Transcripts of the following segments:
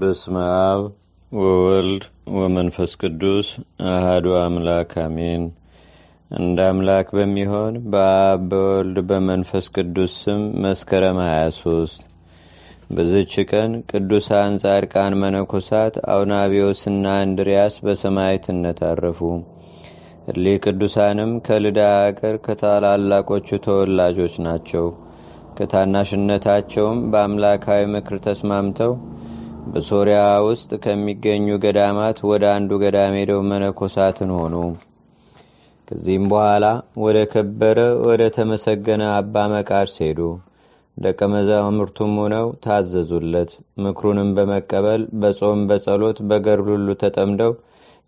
በስመ አብ ወወልድ ወመንፈስ ቅዱስ አህዱ አምላክ አሜን። እንደ አምላክ በሚሆን በአብ በወልድ በመንፈስ ቅዱስ ስም መስከረም 23 በዝች ቀን ቅዱሳን ጻድቃን መነኮሳት አውናቢዎስና እንድሪያስ በሰማይትነት አረፉ። እሌ ቅዱሳንም ከልዳ አገር ከታላላቆቹ ተወላጆች ናቸው። ከታናሽነታቸውም በአምላካዊ ምክር ተስማምተው በሶሪያ ውስጥ ከሚገኙ ገዳማት ወደ አንዱ ገዳም ሄደው መነኮሳትን ሆኑ። ከዚህም በኋላ ወደ ከበረ ወደ ተመሰገነ አባ መቃርስ ሄዱ። ደቀ መዛሙርቱም ሆነው ታዘዙለት። ምክሩንም በመቀበል በጾም በጸሎት በገርሉሉ ተጠምደው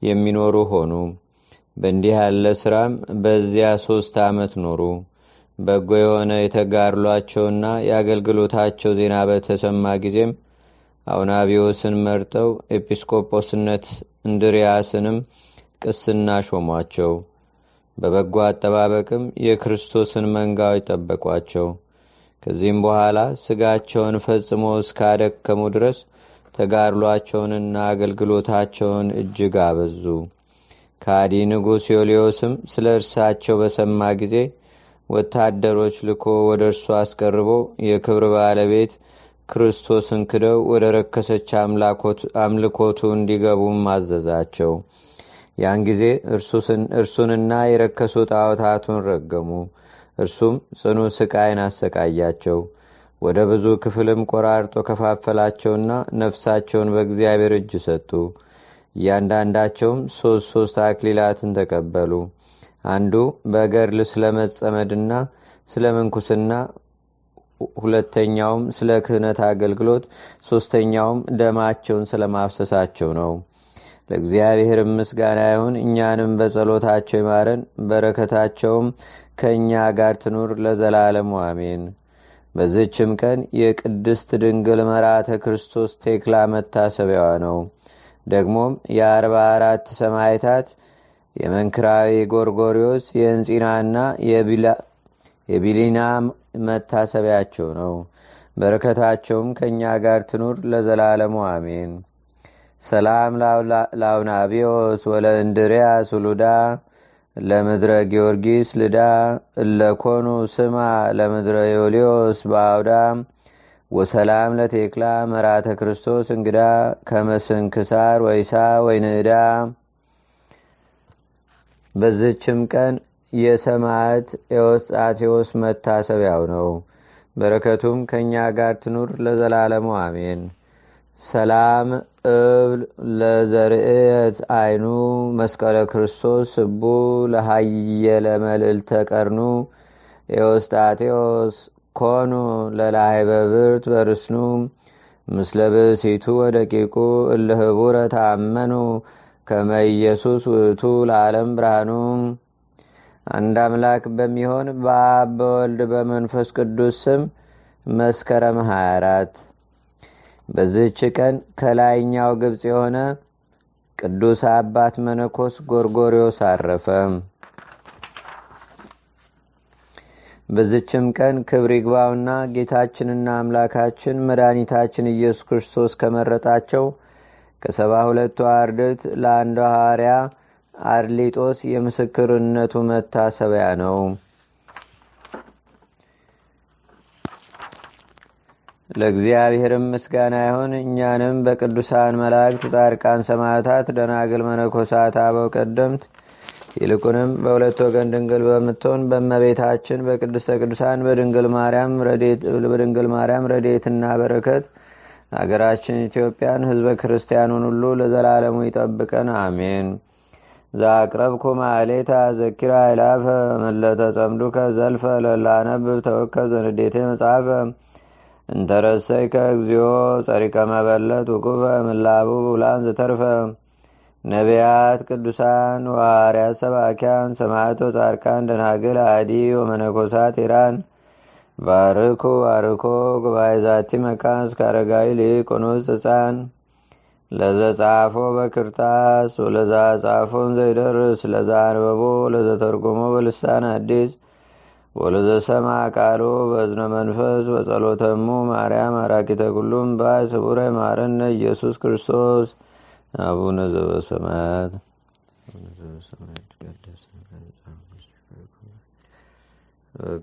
የሚኖሩ ሆኑ። በእንዲህ ያለ ስራም በዚያ ሶስት ዓመት ኖሩ። በጎ የሆነ የተጋርሏቸውና የአገልግሎታቸው ዜና በተሰማ ጊዜም አውናቢዎስን መርጠው ኤጲስቆጶስነት እንድሪያስንም ቅስና ሾሟቸው። በበጎ አጠባበቅም የክርስቶስን መንጋዎች ጠበቋቸው። ከዚህም በኋላ ስጋቸውን ፈጽሞ እስካደከሙ ድረስ ተጋድሏቸውንና አገልግሎታቸውን እጅግ አበዙ። ካዲ ንጉሥ ዮልዮስም ስለ እርሳቸው በሰማ ጊዜ ወታደሮች ልኮ ወደ እርሱ አስቀርቦ የክብር ባለቤት ክርስቶስን ክደው ወደ ረከሰች አምልኮቱ እንዲገቡም አዘዛቸው። ያን ጊዜ እርሱንና የረከሱ ጣዖታቱን ረገሙ። እርሱም ጽኑ ስቃይን አሰቃያቸው። ወደ ብዙ ክፍልም ቆራርጦ ከፋፈላቸውና ነፍሳቸውን በእግዚአብሔር እጅ ሰጡ። እያንዳንዳቸውም ሶስት ሶስት አክሊላትን ተቀበሉ። አንዱ በገርል ስለመጸመድና ስለ ምንኩስና ሁለተኛውም ስለ ክህነት አገልግሎት፣ ሶስተኛውም ደማቸውን ስለ ማፍሰሳቸው ነው። ለእግዚአብሔር ምስጋና ይሁን። እኛንም በጸሎታቸው ይማረን፣ በረከታቸውም ከእኛ ጋር ትኑር ለዘላለሙ አሜን። በዝችም ቀን የቅድስት ድንግል መራተ ክርስቶስ ቴክላ መታሰቢያዋ ነው። ደግሞም የአርባ አራት ሰማይታት የመንክራዊ ጎርጎሪዎስ የቢላ። የቢሊና መታሰቢያቸው ነው። በረከታቸውም ከእኛ ጋር ትኑር ለዘላለሙ አሜን። ሰላም ወለ ወለእንድሪያስ ውሉዳ ለምድረ ጊዮርጊስ ልዳ እለኮኑ ስማ ለምድረ ዮልዮስ በአውዳ ወሰላም ለቴክላ መራተ ክርስቶስ እንግዳ ክሳር ወይሳ ወይንዕዳ በዝችም ቀን የሰማዕት ኤዎስጣቴዎስ መታሰቢያው ነው። በረከቱም ከእኛ ጋር ትኑር ለዘላለሙ አሜን። ሰላም እብል ለዘርእየት አይኑ መስቀለ ክርስቶስ ስቡ ለሀየ መልእልተ ተቀርኑ ኤዎስጣቴዎስ ኮኑ ለላህበ በብርት በርስኑ ምስለ ብእሲቱ ወደቂቁ እልህቡረ ታመኑ ከመ ኢየሱስ ውእቱ ለዓለም ብርሃኑ አንድ አምላክ በሚሆን በአብ በወልድ በመንፈስ ቅዱስ ስም መስከረም 24 በዚህች ቀን ከላይኛው ግብፅ የሆነ ቅዱስ አባት መነኮስ ጎርጎሪዎስ አረፈ። በዝችም ቀን ክብር ይግባውና ጌታችንና አምላካችን መድኃኒታችን ኢየሱስ ክርስቶስ ከመረጣቸው ከሰባ ሁለቱ አርድት ለአንዱ ሐዋርያ አርሊጦስ የምስክርነቱ መታሰቢያ ነው። ለእግዚአብሔርም ምስጋና ይሁን። እኛንም በቅዱሳን መላእክት፣ ጣርቃን ሰማዕታት፣ ደናግል፣ መነኮሳት፣ አበው ቀደምት ይልቁንም በሁለት ወገን ድንግል በምትሆን በመቤታችን በቅድስተ ቅዱሳን በድንግል ማርያም ረዴትና በረከት አገራችን ኢትዮጵያን፣ ህዝበ ክርስቲያኑን ሁሉ ለዘላለሙ ይጠብቀን፣ አሜን። ዛቅረብኩ ማሌታ ዘኪራ ይላፈ መለተጸምዱከ ዘልፈ ለላነብብ ተወከ ዘንዴቴ መጽሐፈ እንተረሰይከ እግዚኦ ጸሪቀ መበለት ውቁፈ ምላቡ ውላን ዘተርፈ ነቢያት ቅዱሳን ዋርያት ሰባኪያን ሰማዕቶ ጻድቃን ደናግል አዲ ወመነኮሳት ኢራን ባርኩ ባርኮ ጉባኤ ዛቲ መካን እስከ አረጋዊ ልቅ ለዘ ጻፎ በክርታስ ወለዛ ጻፎን ዘይደርስ ለዛ አንበቦ ለዘ ተርጎሞ በልሳን አዲስ ወለዘ ሰማ ቃሎ በዝነ መንፈስ በጸሎተሙ ማርያም አራኪተ ኩሉም ባይ ስቡረ ማረነ ኢየሱስ ክርስቶስ አቡነ ዘበሰማያት